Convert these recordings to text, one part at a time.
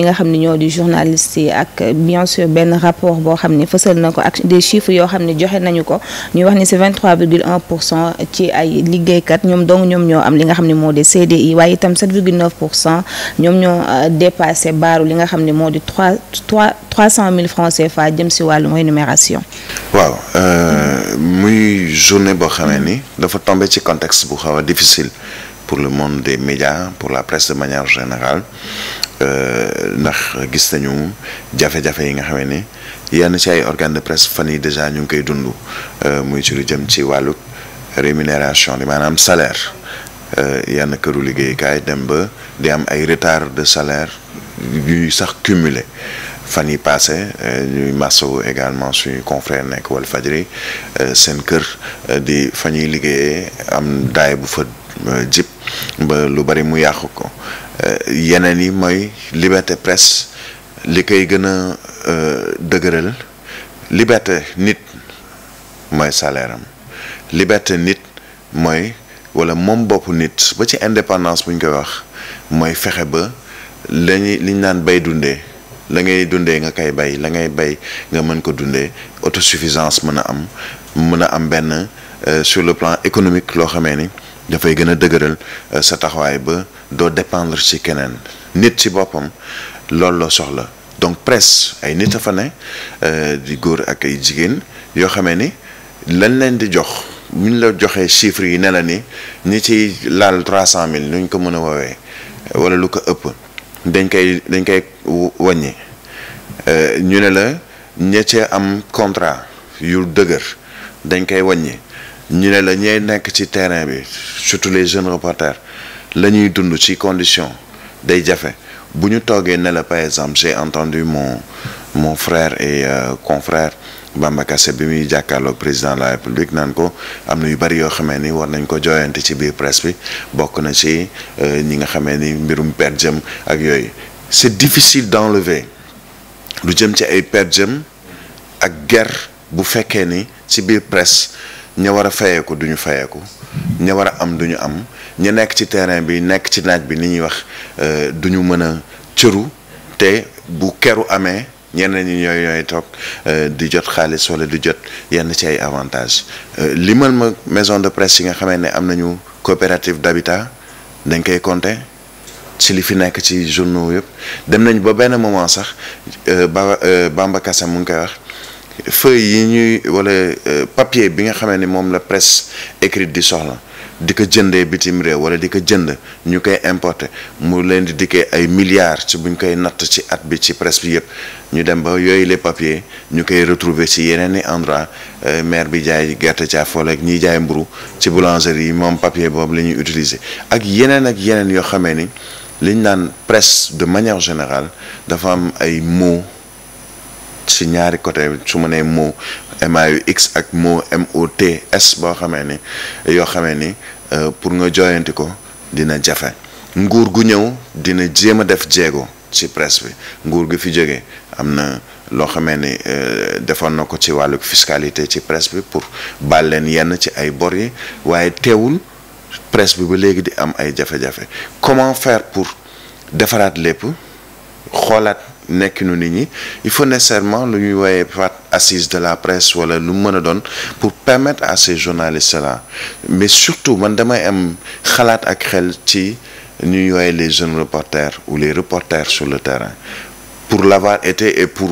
li nga xam ne ñoo di journaliste yi ak bien sûr benn rapport boo xam ni fësal na ko ak des chiffres yoo xam ni joxe nañu ko ñuy wax ni si 23 virgule 1 pour cent ci ay liggéeykat ñoom dong ñoom ñoo am li nga xam ne moo di CDI waaye itam 7 virgule 9 pour cent ñoom ñoo euh, dépassé baaru li nga xam ni moo di 3 3 300 000 francs CFA jëm si wàllum rémunération. waaw euh, muy journée boo xamee ni dafa tombé ci contexte bu xaw a difficile. pour le monde des médias pour la presse de manière générale euh, ndax gis nañu jafe-jafe yi nga xam ne yenn ci ay organes de presse fan yi déjà ñu ngi koy dund euh, muy ci lu jëm ci wàllu rémunération di maanaam salaire euh, yenn këru liggéeyukaay dem ba di am ay retard de salaire yuy sax cumulé fan yi paase ñuy masawu également suñu confrère nekk Walfadjri seen kër di fa ñuy liggéeyee am daay bu fa jip ba lu bari mu yàqu ko eh, yeneen yi mooy liberté presse li koy gën a eh, dëgëral liberté nit mooy salaire am liberté nit mooy wala moom bopp nit ba ci indépendance bu ñu koy wax mooy fexe ba li ñu naan bay dundee la ngay dundee nga koy bay la ngay bay nga mën ko dundee autosuffisance mën a am mën a am benn eh, sur le plan économique loo xamee ni dafay gën a dëgëral euh, sa taxawaay ba doo dépendre ci keneen nit ci boppam loolu la soxla donc presque ay nit a fa ne euh, di góor ak ay jigéen yoo xamee ni lañ leen di jox bu ñu la joxee chiffres yi ne la ni ñi ciy laal trois cent mille nu ñu ko mën a woowee wala lu ko ëpp dañ koy dañ koy wàññi euh, ñu ne la ña cee am contrat yu dëgër dañ koy waññi ñu ne la ñooy nekk ci terrain bi surtout les jeunes reporters la ñuy dund ci condition day jafe bu ñu toogee ne par exemple j'ai entendu mon mon frère et euh, confrère Bamba Kassé bi muy jàkkaarloo président de la république naan ko am na yu bari yoo xamee ni war nañ ko jooyante ci biir presse bi bokk na ci euh, ñi nga xamee ni mbirum per jëm ak yooyu c'est difficile d'enlever lu jëm ci ay per jëm ak guerre bu fekkee ni ci biir presse ña war a fayeeku duñu fayeeku ña war a am duñu am ña nekk ci terrain bi nekk ci naaj bi ni ñuy wax euh, duñu mën a cëru te bu keru amee ñeneen ñi ñooy ñooy toog euh, di jot xaalis wala di jot yenn ci ay euh, li limal ma maison de presse yi nga xamee ne am nañu coopérative d'habitat dañ koy compter ci li fi nekk ci journaux yëpp dem nañ ba benn moment sax Bamba Kassam mu ngi koy wax feuille yi ñuy wala euh, papier bi nga xamee ni moom la presse écrite di soxla di ko jëndee bitim réew wala di ko jënd ñu koy importer mu leen di dikkee ay milliards ci buñ koy natt ci at bi ci presse bi yëpp ñu dem ba yooyu les papiers ñu koy retrouver ci yeneen i endroit euh, maire bi jaay gerte caaf wala ñiy jaay mburu ci boulangerie yi moom papier boobu la ñuy utiliser ak yeneen ak yeneen yoo xamee ni liñ naan presse de manière générale dafa am ay mots ci ñaari côté su ma nee mot MAUX ak mot MOTS boo xamee ni yoo xamee ni euh, pour nga jooyanti ko dina jafe nguur gu ñëw dina jéem a def jéego ci presse bi nguur gi fi jógee am na loo xamee ni euh, defoon na ko ci wàllu fiscalité ci presse bi pour baal leen yenn ci ay bor yi waaye teewul presse bi ba léegi di am ay jafe-jafe comment faire pour defaraat lépp xoolaat. nu nit ñi il faut nécessairement lu ñuy woowee pat assise de la presse wala lu mën a doon pour permettre à ces journalistes la mais surtout man damay am xalaat ak xel ci ñuy yooye les jeunes reporters ou les reporters sur le terrain pour l'avoir été et pour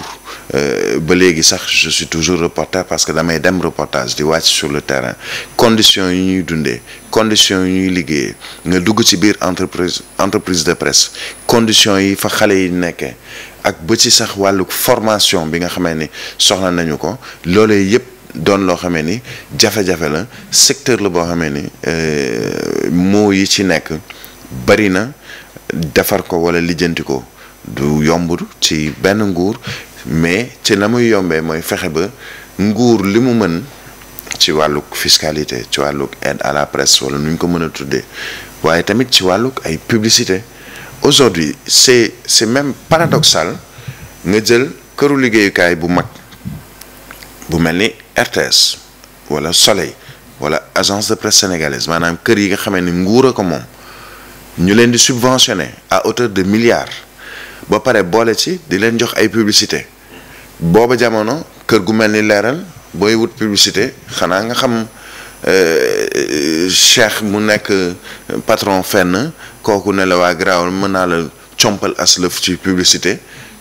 euh, ba léegi sax je suis toujours reporter parce que damay dem reportage di wàcc sur le terrain conditions yi ñuy dundee conditions yi ñuy liggéey nga dugg ci biir entreprise entreprise de presse conditions yi fa xale yi nekkee ak ba ci sax wàlluk formation bi nga xamee ni soxla nañu ko loolee yëpp doon loo xamee ni jafe-jafe la secteur la boo xamee ni euh, moo yi ci nekk bari na defar ko wala lijjanti ko du yomb ci benn nguur mais ci na muy yombee mooy fexe ba nguur li mu mën ci wàlluk fiscalité ci wàlluk aide à la presse wala nu ko mën a tuddee waaye tamit ci wàlluk ay publicité aujourd'hui c'est c'est même paradoxal nga jël këru liggéeyukaay bu mag bu mel ni RTS wala Soleil wala agence de presse sénégalaise maanaam kër yi nga xamee ni nguur a ko moom ñu leen di subventionné à hauteur de milliards ba pare boole ci di leen jox ay publicité booba jamono kër gu mel ni leeral booy wut publicité xanaa nga xam Euh, euh, cheikh mu nekk euh, patron fenn kooku ne la waa garaawal mën naa la compal aslëf ci publicité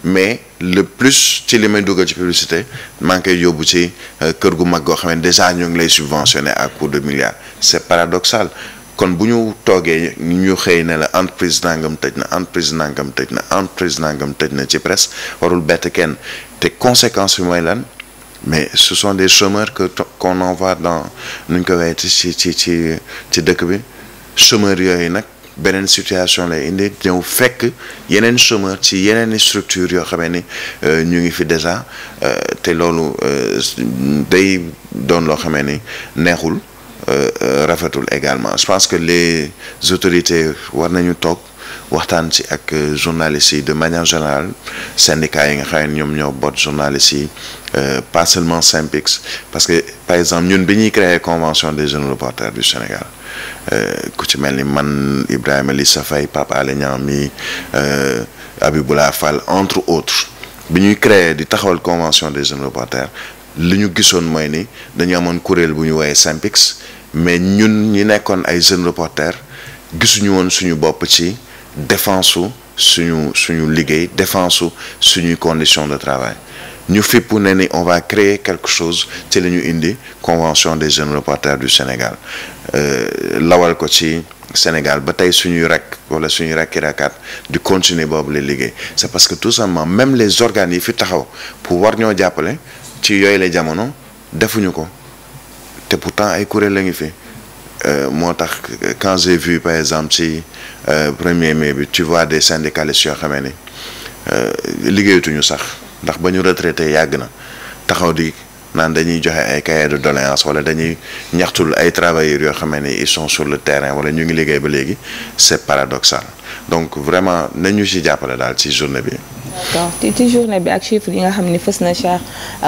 mais le plus ci li may dugal ci publicité maa ngi koy yóbbu ci kër gu mag goo xam ne déjà ñu ngi lay subventionné à coup de milliards c'est paradoxal kon bu ñu toogee ñu xëy ne la entreprise nangam tëj na entreprise nangam tëj na entreprise nangam na ci presque warul bett kenn te conséquence bi mooy lan mais ce sont des chômeurs que qu'on envoie dans nu ñu ko weete ci ci ci ci dëkk bi chômeurs yooyu nag beneen situation lay indi ñëw fekk yeneen chômeurs ci yeneen structure yoo xamee ni euh, ñu ngi fi déjà euh, te loolu euh, day doon loo xamee ni neexul rafetul également je pense que les autorités war nañu toog waxtaan ci ak euh, journalistes yi de manière générale syndicats yi nga xam ne ñoom ñoo boot journalistes yi euh, pas seulement SYNPICS parce que par exemple ñun bi ñuy créer convention des jeunes reporters du Sénégal euh, ku ci mel ni man Ibrahima Lissa Faye Pape Alé Niang mi Abiboula Fall entre autres bi ñuy créer di taxawal convention des jeunes reporters li ñu gisoon mooy ni dañu amoon kuréel bu ñu woowee SYNPICS mais ñun ñu nekkoon ay jeunes reporters gisuñu woon suñu bopp ci défense su suñu suñu liggéey défense su suñuy condition de travail ñu fippu na ni on va créer quelque chose ci la ñu indi convention des jeunes reporters du Sénégal euh, lawal ko ci Sénégal ba tey suñuy rek wala suñuy rakki rakkaat di continuer boobu la liggéey c'est parce que tout simplement même les organes yi fi taxaw pour war ñoo jàppale ci yooyu la jamono defuñu ko te pourtant ay kuréel la ngi fi. Euh, moo tax quand j'ai vu par exemple ci euh, premier mai bi ci vois des syndicalistes yoo xamee ni euh, liggéeyatuñu sax ndax ba ñu retraité yàgg na taxaw di naan dañuy joxe ay cahier de doléance wala dañuy ñaxtul ay travailleurs yoo xamee ni ils son sur le terrain wala ñu ngi liggéey ba léegi c'est paradoxal donc vraiment nañu ci jàppale daal ci journée bi. ci journée bi ak chiffre yi nga xam ni fës na